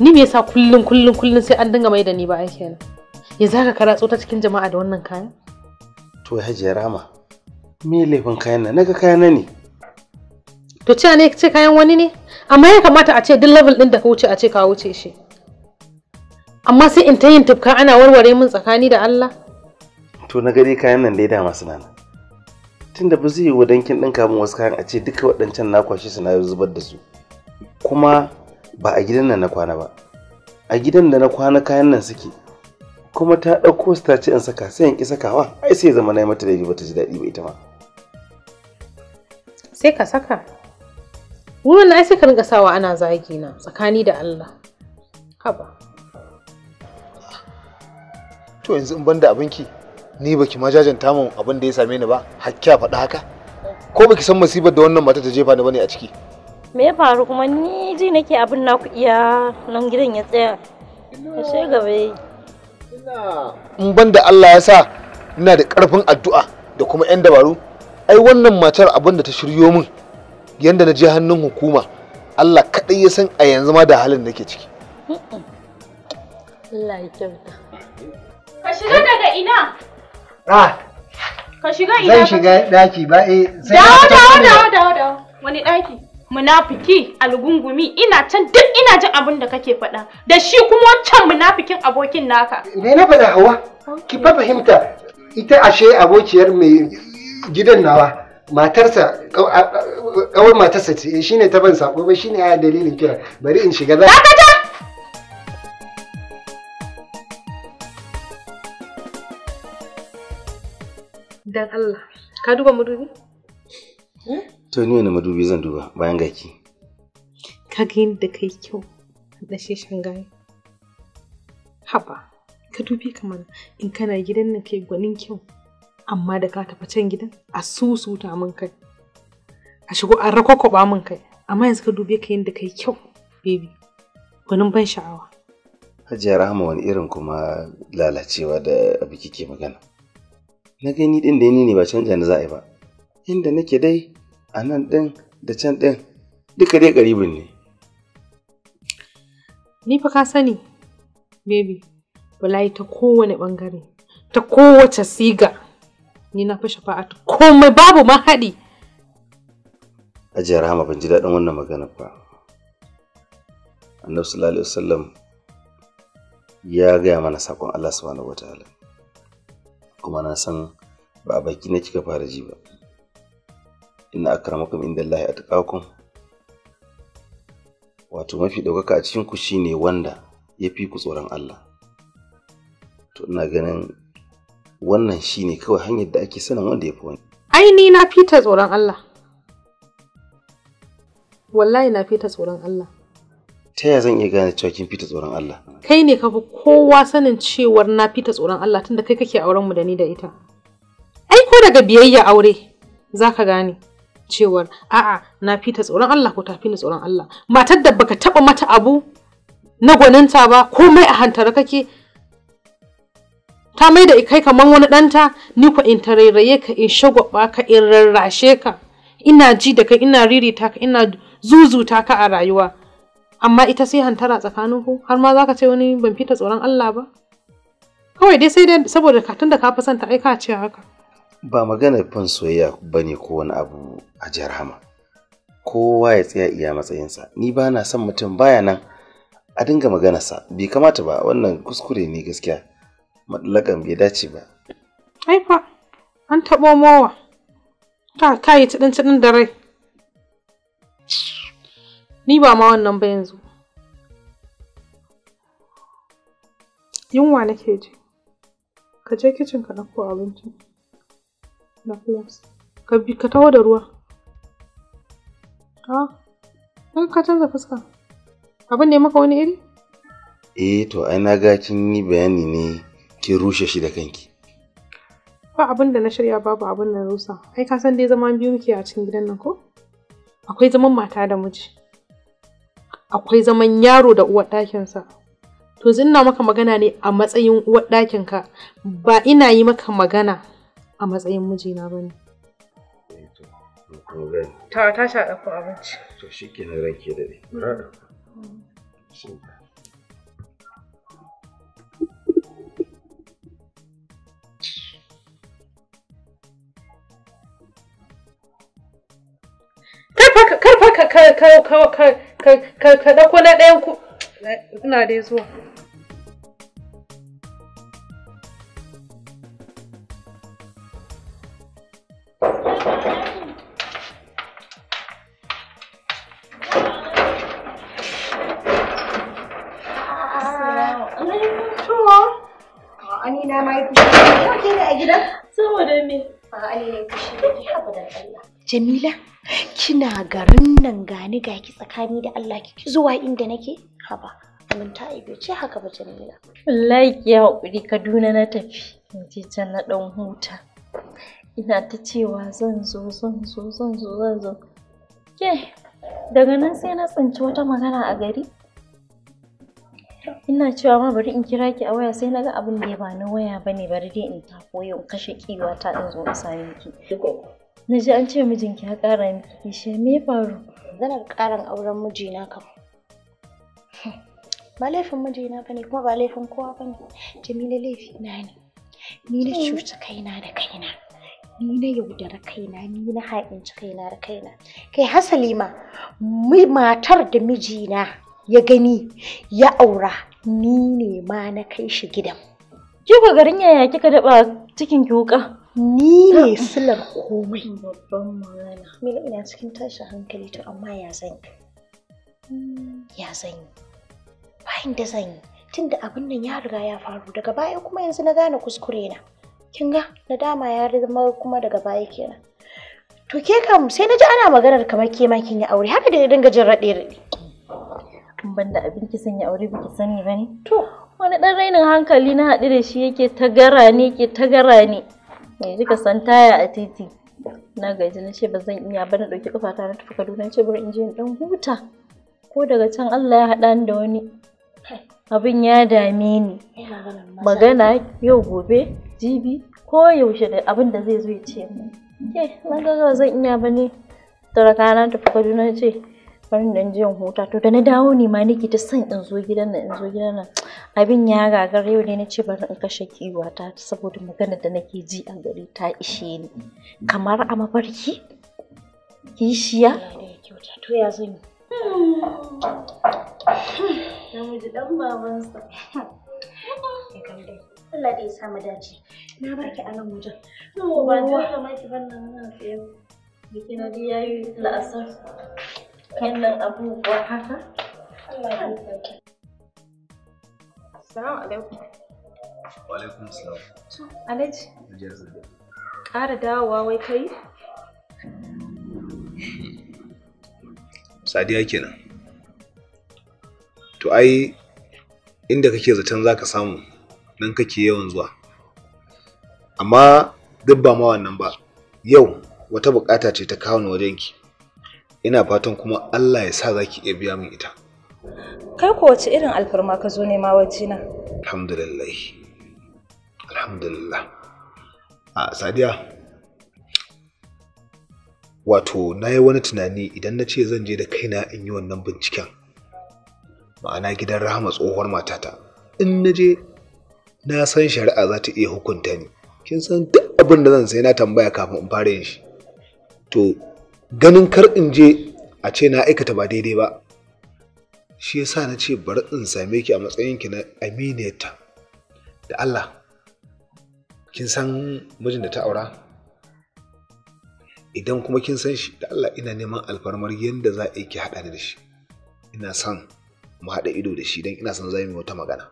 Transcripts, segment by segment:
ni me yasa kullun kullun kullun sai an dinga mai da ni ba ai kenan ya zaka ka tsota ta cikin jama'a da wannan kayan to hajiya rama me laifin kayan nan naga kayan nan ne to ce ne ce kayan wani ne amma ya kamata a ce duk level din da ka wuce a ce ka wuce shi amma sai in ta yin tufka ana warware min tsakani da Allah to na gari kayan nan dai dama masu nan tunda ba zai yi wa dankin ɗin kamun wasu kayan a ce duka waɗancan na kwashe su na zubar da su kuma ba a gidan nan na kwana ba a gidan da na kwana kayan nan suke kuma ta ɗauko su ta ce in saka sai in ki sakawa ai sai zama na yi mata laifi bata ji daɗi ba ita ma sai ka saka wannan ai sai ka rinka sawa ana zagi na tsakani da Allah haba to yanzu in banda abinki ni baki ma jajanta min abin da ya same ni ba a faɗa haka ko baki san masibar da wannan mata ta jefa ni bane a ciki me ya faru kuma ni ji nake abin naku iya nan gidan ya tsaya ka she gaba yi in ban da Allah ya sa ina da karfin addu'a da kuma yan dabaru ai wannan matar abin da ta shiryo min yanda na je hannun hukuma Allah kaɗai ya san a yanzu ma da halin da ke ciki Allah ya kyauta ka shiga daga ina ah ka shiga ina zan shiga daki ba eh dawo dawo dawo dawo wani daki munafiki algungumi ina can duk ina jin abin da kake faɗa da shi kuma wancan munafikin abokin naka me na faɗa hawa ki fa fahimta ita ashe abokiyar mai gidan nawa matarsa kawai matarsa ce eh, shine ta ban sako ba shine ya dalilin kira bari in shiga za dan Allah ka duba To ni wani madubi zan duba bayan gaki. Ka ga yadda yi kyau a ɗashe shangaye. Haba, ka dubi kamar in kana gidan nan kai gwanin kyau. Amma da ka tafi can gidan a susuta min kai. A shigo an rakwakwaɓa min kai. Amma yanzu ka dubi ka yadda yi kyau, baby. Gwanin ban sha'awa. Hajiya Rahama wani irin kuma lalacewa da abu kike magana. Na gani ɗin da ni ne ba canja ni za a yi ba. Inda nake dai a nan ɗin da can ɗin duka dai ƙaribin ne. Ni fa ka sani, baby, wallahi ta kowane ɓangare, ta kowace siga, ni na fi ta komai babu ma haɗi. Ajiyar Rahama ban ji daɗin wannan magana fa. Annabi sallallahu alaihi wasallam ya gaya mana saƙon Allah subhanahu wataala. Kuma na san ba a baki na kika fara ji ba. inna akramakum indallahi atqakum wato mafi ɗaukaka a cikin ku shine wanda ya fi ku tsoron Allah to ina ganin wannan shine kawai hanyar da ake sanin wanda ya fi wani ai ni na fita tsoron Allah wallahi na fita tsoron Allah ta yaya zan iya gane cewa kin fita tsoron Allah kai ne ka fi kowa sanin cewar na fita tsoron Allah tunda kai kake auren mu da ni da ita ai ko daga biyayya aure zaka gane cewar a'a na fita tsoron Allah ko ta fi ni tsoron Allah matar da baka taba mata abu na gwaninta ba komai a hantara kake ta mai da kai kamar wani ɗanta ni ku in tarairaye ka in shagwaba ka in rarrashe ka ina ji da kai ina ririta ka ina zuzuta ka a rayuwa amma ita sai hantara tsakanin ku har ma za ka ce wani ban fita tsoron Allah ba kawai dai sai dai saboda katin da ka fi son ta aika ce haka ba maganar fin soyayya ba ne ko wani abu a jihar hama kowa ya tsaya iya matsayinsa ni ba na son mutum baya nan a dinga maganarsa bai kamata ba wannan kuskure ne gaskiya matlakan bai dace ba ai fa an taɓo mowa ta kayi cidin da rai ni ba ma wannan ba yanzu yunwa nake ji ka je kicin ka ɗauko abinci da ka bi ka taho da ruwa ha in ka canza fuska abin ne maka wani iri eh to ai na ga kin yi bayani ne kin rushe shi da kanki ba abin da na shirya babu abin da rusa ai ka san dai zaman biyu muke a cikin gidan nan ko akwai zaman mata da miji akwai zaman yaro da uwar ɗakinsa to ina maka magana ne a matsayin uwar ɗakinka ba ina yi maka magana a matsayin mijina ba ne. Eh ta ta sha ɗauko abinci. To shi ke da ne. ka ka ka ka ka ka ka ka ka ka ka na ka ku ka ka ka Ke ne a Saboda A'a fushi Jamila, kina garin nan gani ga ki tsakani da Allah ki zuwa inda nake? Haba, aminta aibe ce haka ba Jamila. Wallahi ki haƙuri Kaduna na tafi. In je can na ɗan huta. Ina ta cewa zan zo zan zo zan zo zan zo. Ke, daga nan sai na tsinci wata magana a gari. ina cewa ma bari in kira ki a waya sai naga abin da ya ba na waya bane bari dai in ta koyo in kashe kiwa ta in zo sai ki na ji an ce mijinki ya ƙara miki kishe me faru zan karan auren mijina kam ba laifin mijina ba ne kuma ba laifin kowa ba jamila laifi na ne ni na cuta kaina da kaina ni na yaudara kaina ni na haƙinci kaina da kaina kai hasali ma matar da mijina ya gani ya aura ni ne ma na kai shi gidan. Ki garin yaya kika daba cikin ki Ni ne ah. silar komai. Babban magana. Mila ina cikin tashin hankali to amma ya zan yi. Ya zan yi. Bayan da zan yi. Tunda abin nan ya riga ya faru daga baya kuma yanzu na gane kuskure na. Kin ga nadama ya rima kuma daga baya kenan. To ke kam sai na ji ana maganar kamar ke ma kin yi aure haka da dinga jin raɗe-raɗe. in ban da abin ki sanya aure biki sani ba ne to wani dan rainin hankali na haɗu da shi yake ta gara ne ke ta gara ne me san taya a titi na gaji na ce ba zan iya ba na ɗauki kafata na tafi Kaduna ce bari in je in dan huta ko daga can Allah ya haɗa ni da wani abin ya dame ni magana yau gobe jibi ko yaushe da abin da zai zo ya ce mu ke na ga zan iya ba ne da rana tafi Kaduna ce farin dan jiyan huta to da na dawo ne ma nake ta san in zo gidan nan in zo gidan nan abin ya gagar yau ne na ce bari in kashe kiwa ta saboda magana da nake ji a gari ta ishe ni kamar a mafarki kishiya to ya zo ni namiji dan babansa Allah da ya sa mu dace na barki a nan wajen ba ta kamar ki ban nan na tsaye bikina dai yayi la'asar wannan abubuwa haka? Salamu alaikum. Wa alaikum salam. To, Alhaji. Ƙara dawowa wai kai? Sadiya kenan. To ai inda kake zaton za ka samu nan kake yawan zuwa. Amma duk ba ma wannan ba, yau wata buƙata ce ta kawo wajenki. ina fatan kuma Allah ya sa za ki iya biya min ita. Kai ko wace irin alfarma ka zo nema wajena? Alhamdulillah. Alhamdulillah. A Sadiya, wato na yi wani tunani idan na ce zan je da kaina in yi wannan binciken ma'ana gidan rahama tsohuwar matata in na je na san shari'a za ta iya hukunta ni kin san duk abin da zan sai na tambaya kafin in fara yin shi to ganin kar in je a ce na aikata ba daidai ba shi ya sa na ce bari in same ki a matsayin ki na aminiyarta da Allah kin san mijin da ta aura idan kuma kin san shi da Allah ina neman alfarmar yadda za a yi ki haɗa ni da shi ina son mu haɗa ido da shi don ina son za mu wata magana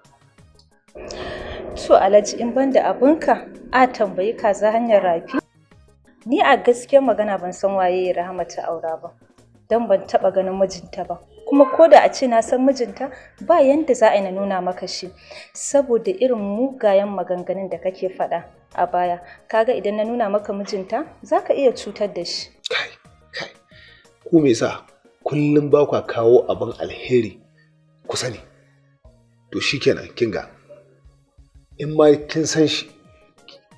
to alhaji in banda abinka a tambayi ka za hanyar rafi ni a gaskiyar magana ban san waye ya rahama ta aura ba don ban taba ganin mijinta ba kuma ko da a ce na san mijinta ba yanda za a na nuna maka shi saboda irin mugayen maganganun da kake faɗa a baya kaga idan na nuna maka mijinta za iya cutar da shi kai ku me sa kullum ba kwa kawo abin alheri ku sani to shikenan kinga in ma kin san shi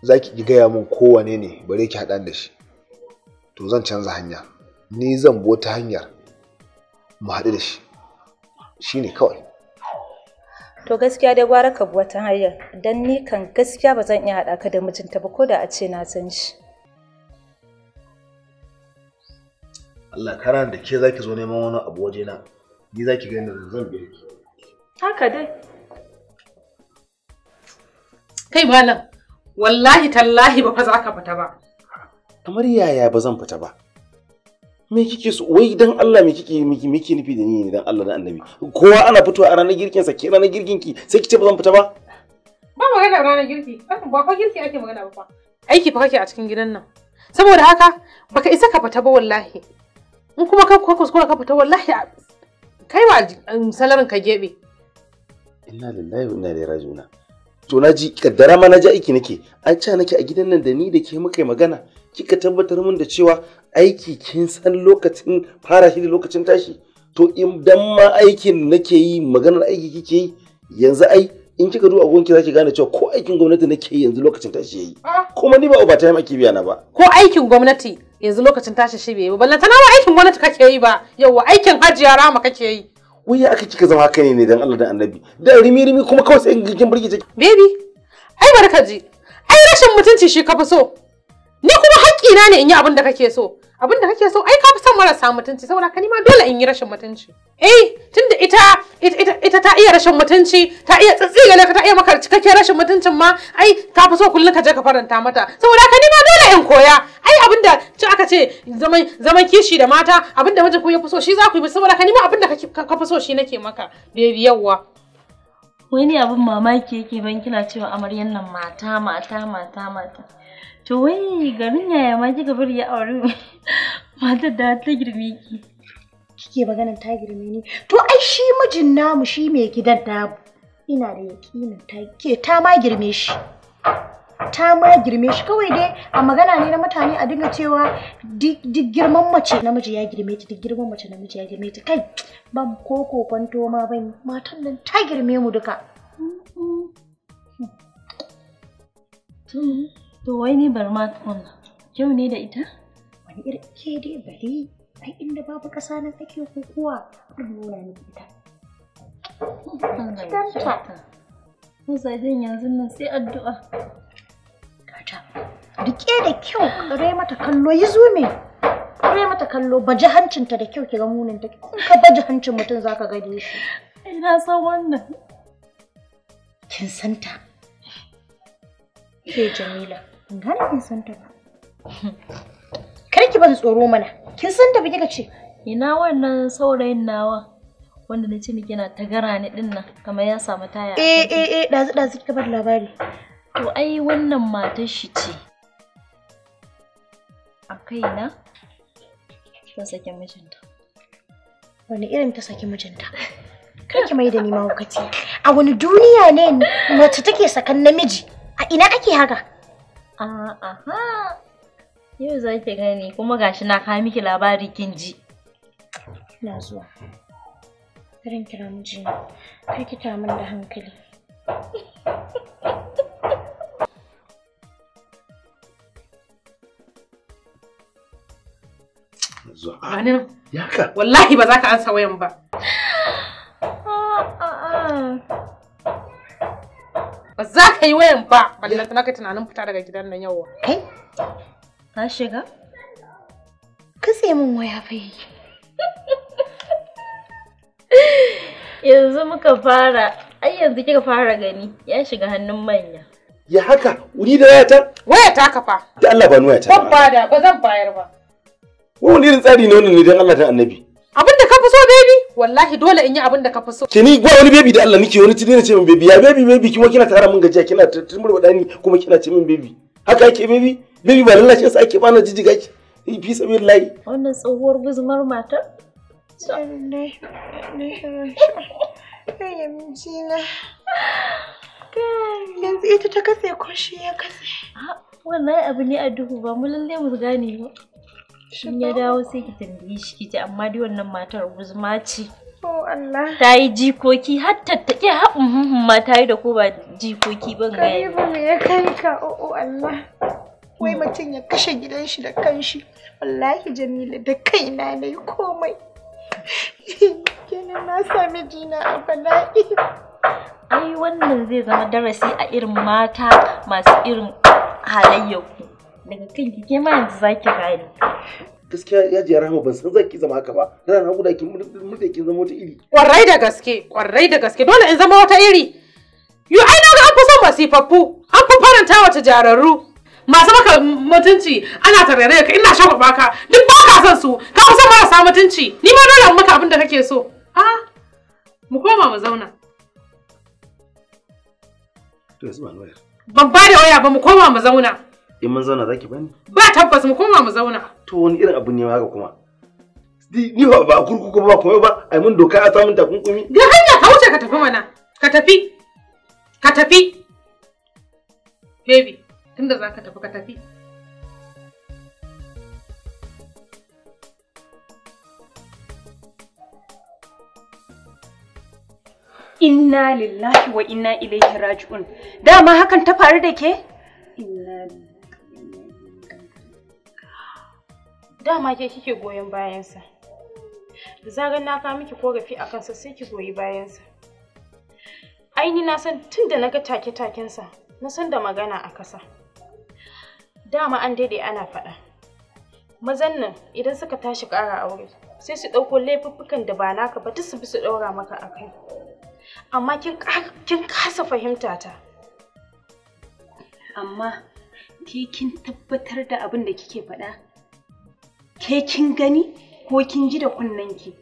za ki gaya min kowane ne bare ki haɗa da shi to zan canza hanya ni zan bi wata hanyar mu haɗu da shi shi ne kawai to gaskiya dai gwara ka buwa wata hanyar don ni kan gaskiya ba zan iya haɗa ka da mijinta ba ko da a ce na san shi Allah karan da ke zaki zo neman wani abu wajena ni zaki ga yadda zan biya ki haka dai kai malam Wallahi tallahi ba fa za ka fita ba. Kamar yaya ba zan fita ba? Me kike so wai dan Allah me kike miki miki nufi da ni ne dan Allah dan Annabi? Kowa ana fitowa a ranar girkin sa, ke ranar girkin ki sai kice ba zan fita ba? Ba magana ranar girki, ba fa girki ake magana ba fa. Aiki fa kake a cikin gidan nan. Saboda haka baka isa ka fita ba wallahi. In kuma ka kuskura ka fita wallahi kai ba um, salarin ka gebe. Inna lillahi wa inna ilaihi raji'un. to na ji kaddara ma na ji aiki nake an ca nake a gidan nan da ni da ke muka magana kika tabbatar min da cewa aiki kin san lokacin fara shi da lokacin tashi to idan ma aikin nake yi maganar aiki kike yi yanzu ai in kika duba gon ki zaki gane cewa ko aikin gwamnati nake yi yanzu lokacin tashi yayi kuma ni ba overtime ake biya na ba ko aikin gwamnati yanzu lokacin tashi shi bai yi ba ballantana ba aikin gwamnati kake yi ba yawa aikin hajiya rama kake yi wai aka kika zama haka ne dan Allah da annabi da rimi rimi kuma kawai sai kin burge baby ai barka ji ai rashin mutunci shi ka fi so ni ku ina ne in yi abin da kake so abin da kake so ai ka fi son marasa mutunci saboda ka nima dole in yi rashin mutunci eh tunda ita ita ta iya rashin mutunci ta iya tsitsi ka ta iya maka cikakken rashin mutuncin ma ai ka fi so kullum ka je ka faranta mata saboda ka nima dole in koya ai abin da ci aka ce zaman zaman kishi da mata abin da ku ya fi so shi za ku yi saboda ka nima abin da ka fi so shi nake maka baby yawwa wani abin mamaki yake ban kina cewa amaryan nan mata mata mata mata to wai garin yaya ma kika bari ya auri matar da ta girme ki kike maganar ta girme ni to ai shi mijin namu shi mai gidan namu ina da yakinin ta ke ta ma girme shi ta ma girme shi kawai dai a magana ne na mutane a dinga cewa duk girman mace namiji ya girme ta duk girman mace namiji ya girme ta kai ban ko kwanto ma ban matan nan ta girme mu duka To wai ni bar ma Allah. Kyau ne da ita? Wani irin ke dai bari. Ai inda babu kasa nan ake kokowa an nuna ni ita. Gidanta. Ko zajen yanzu nan sai addu'a. Kata. Rike da kyau kare mata kallo yi zume. Kare mata kallo baji hancinta da kyau kiga munin take. In ka baji hancin mutum zaka gade shi. Ina san wannan. Kin santa. Ke Jamila, gane kin san ta ba. Kar ki ban tsoro mana, kin san da kika ce. Ina wannan saurayin nawa wanda na ce miki ta tagara ni din nan kamar ya samu taya. Eh, eh eh eh dazu dazu kika bar labari. To ai wannan matar shi ce. A kaina ta sake mijinta. Wani irin ta saki mijinta? Kar ki mai da ni mahaukaci. A wani duniya ne mace take sakan namiji? A ina ake haka? A Aha. Yau za ki gani kuma gashi na kawo miki labari kin ji. Ina zuwa. Karin kira mu ji. Kai ki ta min da hankali. Zuwa. Ya ka. Wallahi ba za ka ansa wayan ba. ba za ka yi wayan ba balle tana kai tunanin fita daga gidan nan yau kai ka shiga ka sai min waya fa yi yanzu muka fara ai yanzu kika fara gani ya shiga hannun manya ya haka wuni da wayata wayata ka fa da Allah ba ni wayata ba da ba zan bayar ba wani irin tsari ne wannan ne dan Allah dan annabi abin da ka fi so baby wallahi dole in yi abin da ka fi so ke ni ba wani baby da Allah nake wani tuni ce min baby ya baby baby kuma kina tara min gajiya kina tumur wadani kuma kina ce min baby haka ake baby baby ba lallacin sa ake bana jijiga ki fi sabilillahi wannan tsohuwar guzumar matar yanzu ita ta kase ko shi ya kase ah, wannan abu ne a duhu ba mu lalle mu gane ba in ya dawo sai ki tambaye shi ki ce amma dai wannan matar guzma ce oh, ta yi jikoki har tattake haɓin hunhun ma ta yi da ko ba jikoki ban gaya karibu me ya kai ka o oh, oh, Allah wai mutum ya kashe gidan shi da kanshi wallahi jamila da kaina na yi komai kenan na sami jina a bala'i ai wannan zai zama darasi a irin mata masu irin halayyar ku daga kanki ke ma yanzu zaki gane gaskiya ya ji rahama ban san zaki zama haka ba tana na guda kin murda kin zama wata iri kwarai da gaske kwarai da gaske dole in zama wata iri yu ai na ga an fi masifaffu an fi faranta wa tijararru masu maka mutunci ana tarare ka ina shafa baka duk ba ka son su ka kusa marasa mutunci ni ma dole maka abin da kake so a ah, mu koma mu zauna to yanzu ba waya ban ba da waya ba mu koma mu zauna in mun zauna zaki bani ba tabbas mu koma mu zauna to wani irin abu ne haka kuma ni ba ba kurkuku ba kuma ba ai mun doka a ta mun takunkumi ga hanya ka wuce ka tafi mana ka tafi ka tafi baby tunda za ka tafi ka tafi Inna lillahi wa inna ilaihi raji'un. Dama hakan ta faru da ke? dama ke kike goyon bayansa da na kawo miki korafi a kansa sai ki goyi bayansa aini na san tun da na ga take-takensa na san da magana a kasa dama an daidai ana faɗa mazan nan idan suka tashi ƙara aure sai su ɗauko laifuffukan da ba naka ba duk su bi su ɗaura maka a kai amma kin kasa fahimta ta amma ki kin tabbatar da abin da kike faɗa ke kin gani ko kin ji da ki.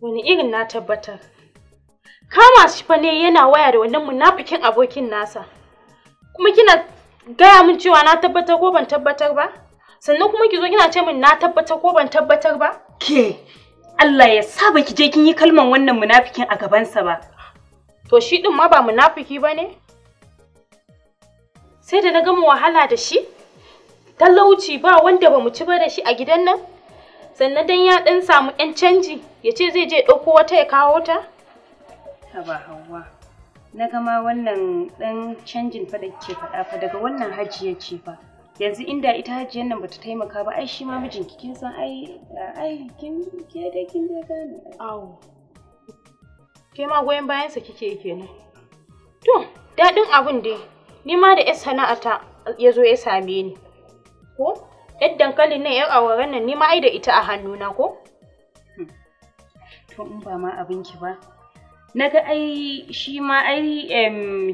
wani irin na tabbatar kama shi fa ne yana waya da wannan munafikin abokin nasa kuma kina gaya min cewa na tabbatar ko ban tabbatar ba sannan kuma ki zo kina ce min na tabbatar ko ban tabbatar ba ke Allah ya sa ki je kin yi kalman wannan munafikin a gabansa ba to shi din ma ba munafiki bane sai da na gama wahala da shi talauci ba wanda ba mu ci ba da shi a gidan nan sannan dan ya dan samu yan canji ya ce zai je ɗauko wata ya kawo ta haba hawa na gama wannan dan canjin fa da ke faɗa fa daga wannan ya ce fa yanzu inda ita hajiyar nan bata taimaka ba ai shi ma mijinki kin san ai ai kin ke da kin da gane awo ke ma goyon bayan sa kike kenan to dadin abun dai ni ma da yar sana'ata ya zo ya same ni ko ƴar dankalin nan yar awaren nan ni ma ai da ita a hannu na ko to in ba ma abinki ba naga ai shi ma ai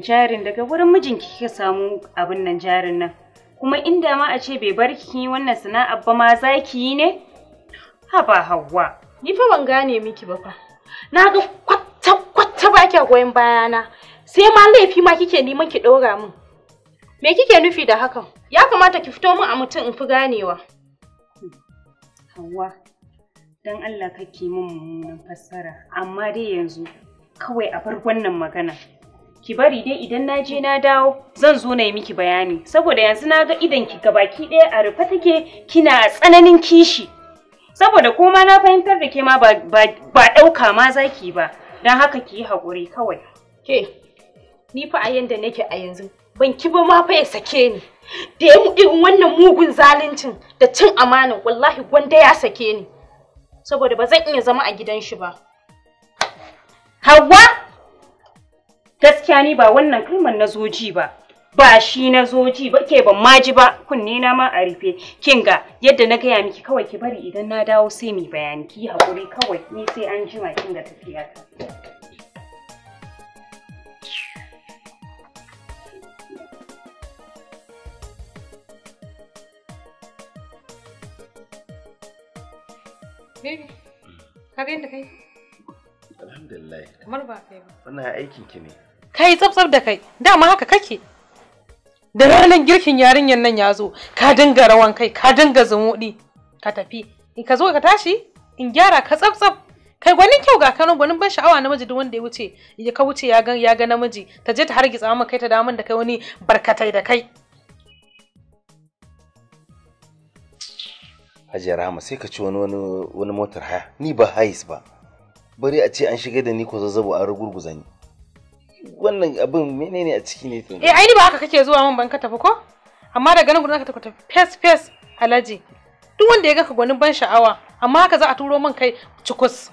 jarin daga wurin mijinki kika samu abin nan jarin nan kuma inda ma a ce bai bar ki wannan sana'a, ba ma za yi ne haba hawa ni fa ban gane miki ba fa na ga kwata kwata ba kya goyon bayana sai ma laifi ma kike neman ki ɗora min me kike nufi da hakan Ya kamata ki fito min a mutum in fi ganewa. Hauwa, don Allah kake min mummunan fassara, amma dai yanzu kawai a bar wannan magana. Ki bari dai idan na je na dawo zan zo na yi miki bayani, saboda yanzu na ga idan ki gabaki ɗaya a rufe take kina tsananin kishi. Saboda ma na fahimtar da ke ma ba ɗauka ma zaki ba, don haka ki yi haƙuri kawai. Ke, ni fa a yanda nake a yanzu, ban ki ba ma fa ya sake ni. da ya irin wannan mugun zaluncin da cin amanin wallahi gwanda ya sake ni saboda ba zan iya zama a gidan shi ba hawa gaskiya ni ba wannan kalmar na zoji ba ba shi na zoji ba ke ban maji ba kunne na ma a rufe kinga, yadda na gaya miki kawai ki bari idan na dawo sai mi bayani ki haƙuri kawai ni sai an jima kinga tafiya ta ka ga mm. kai? Alhamdulillah. Kamar ba kai ba. Wannan aikin ki ne. Kai tsabtsab da kai, dama haka kake. Da ranar girkin yarinyar nan ya zo, ka dinga rawan kai, ka dinga zumuɗi, ka tafi. In ka zo ka tashi, in gyara ka tsabtsab. Kai gwanin kyau ga Kano gwanin ban sha'awa namiji duk wanda ya wuce, ya ka wuce ya ga namiji, ta je ta hargitsa min kai ta damun da kai wani barkatai da kai. hajiya rama sai ka ci wani wani motar haya ni ba hais ba bari a ce an shiga da ni ko zazzabo an rugurguza ni wannan abin menene a ciki ne eh ai ni ba haka kake zuwa min ban ka tafi ko amma daga nan gudun ka tafi fes fes alaji duk wanda ya ga ka gwanin ban sha'awa amma haka za a turo min kai cikus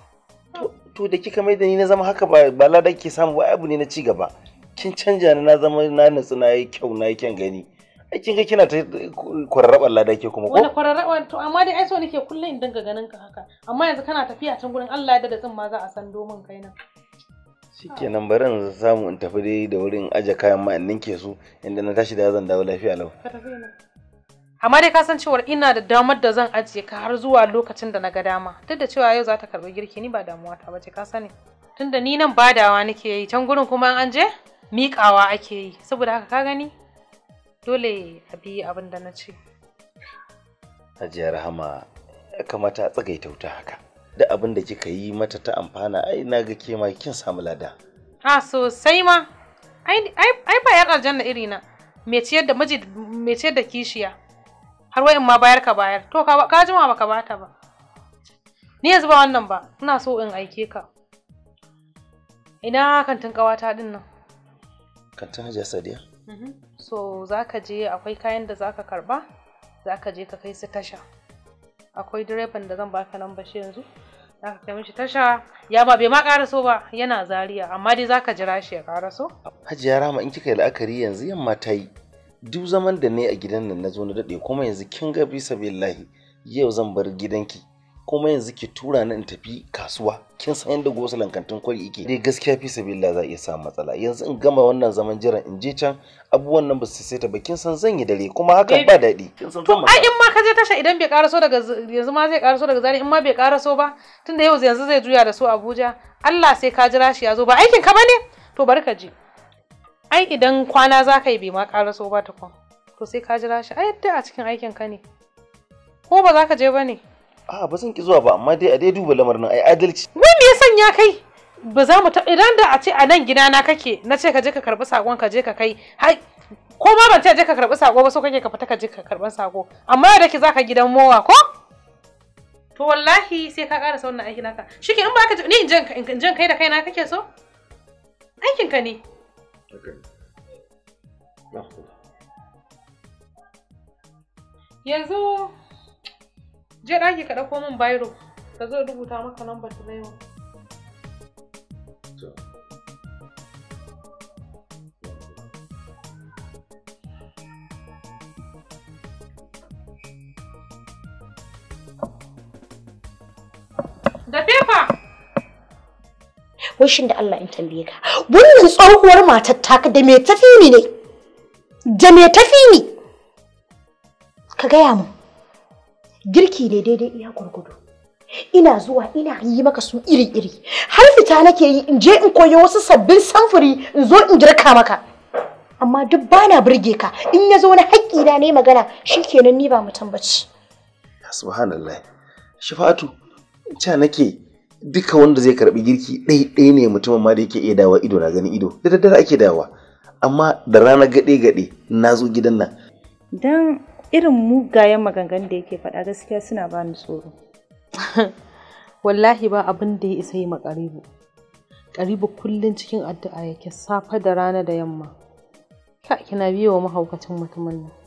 to da kika mai da ni na zama haka ba ba ladan ke samu ba abu ne na ci gaba kin canja ni na zama na nutsu na yi kyau na yi kyan gani aikin kai kina ta kwararraɓar lada ke kuma ko wani kwararraɓar to amma dai ai so nake kullum in dinga ganin ka haka amma yanzu kana tafiya can gurin Allah ya da tsin ma za a san domin kai nan shikenan bari in samu in tafi dai da wurin aje kayan ma in ninke su inda na tashi da zan dawo lafiya lau amma dai ka san cewa ina da damar da zan ajiye ka har zuwa lokacin da na ga dama duk da cewa yau za ta karɓi girki ni ba damuwa ta bace ka sani tunda ni nan badawa nake yi can gurin kuma an je miƙawa ake yi saboda haka ka gani dole a bi abin da na ce hajiya rahama ya kamata a tsagaita wuta haka da abin da kika yi mata ta amfana ai na ga ke ma kin samu lada ha sosai ma ai ba yar aljanna irina me ciyar da miji me ciyar da kishiya har in ma bayar ka bayar to ka jima baka bata ba ni yanzu ba wannan ba ina so in aike ka ina kantin kawata din nan kantin hajiya sadiya Mm-hmm. so za ka je akwai kayan da za ka karba za ka je ka kai su tasha akwai direban da zan baka nan shi yanzu za ka kai mishi tasha ya ba bai ma so ba yana zariya amma dai za ka jira shi ya so hajiya rama in kika yi la'akari yanzu yamma ta yi duk zaman da ne a gidan nan na zo na daɗe kuma yanzu kin ga bisa billahi yau zan bar gidanki kuma yanzu ki tura nan tafi kasuwa kin san yadda gosu kantin kwari yake dai gaskiya fi sabilla za iya samu matsala yanzu in gama wannan zaman jiran in je can abubuwan nan ba su saita ba kin san zan yi dare kuma hakan eh, ba daɗi to ai in ma ka je tasha idan bai karaso daga yanzu ma zai karaso daga zari in ma bai karaso ba tunda yau yanzu zai juya da su Abuja Allah sai ka jira shi ya zo ba aikin ka bane to bari ka je ai idan kwana za ka yi bai ma karaso ba tukun to sai ka jira shi ai yadda a cikin aikin ka ne ko ba za ka je ba ne a ba zan ki zuwa ba amma dai a dai duba lamarin ai adalci wai me ya sanya kai ba za mu ta idan da a ce a nan gida na kake na ce ka je ka karbi sakon ka je ka kai Hai ko ma ban ce je ka karbi sako ba so kake ka fita ka je ka karbi sako amma da ke zaka gidan mowa ko to wallahi sai ka ƙara wannan aikin naka shike in ba ka ni in jan kai da kai na kake so aikin ka ne yanzu je ɗaki ka ɗauko min bairo ka zo rubuta maka lambar ta yau Da fefa! Wishin da Allah in tambaye ka, wannan tsohuwar matar taka da me tafi ne? Da me tafi ni? Ka gaya mu. girki ne daidai iya gurgudu ina zuwa ina yi maka su iri-iri har fita nake yi in je in koyi wasu sabbin samfuri in zo in girka maka amma duk bana burge ka in ya zo na haƙƙina ne magana shikenan ni ba mutum bace subhanallah shafa'atu ca nake duka wanda zai karbi girki ɗaiɗai ne mutum ma da yake iya dawa ido na gani ido da daddare ake dawa amma da rana gaɗe-gaɗe nazo zo gidan nan dan irin mugayen maganganun da yake faɗa gaskiya suna bani tsoro wallahi ba abin da ya isa yi makaribu karibu kullum cikin addu'a yake safe da rana da yamma ka kina biyo mahaukacin mutumin nan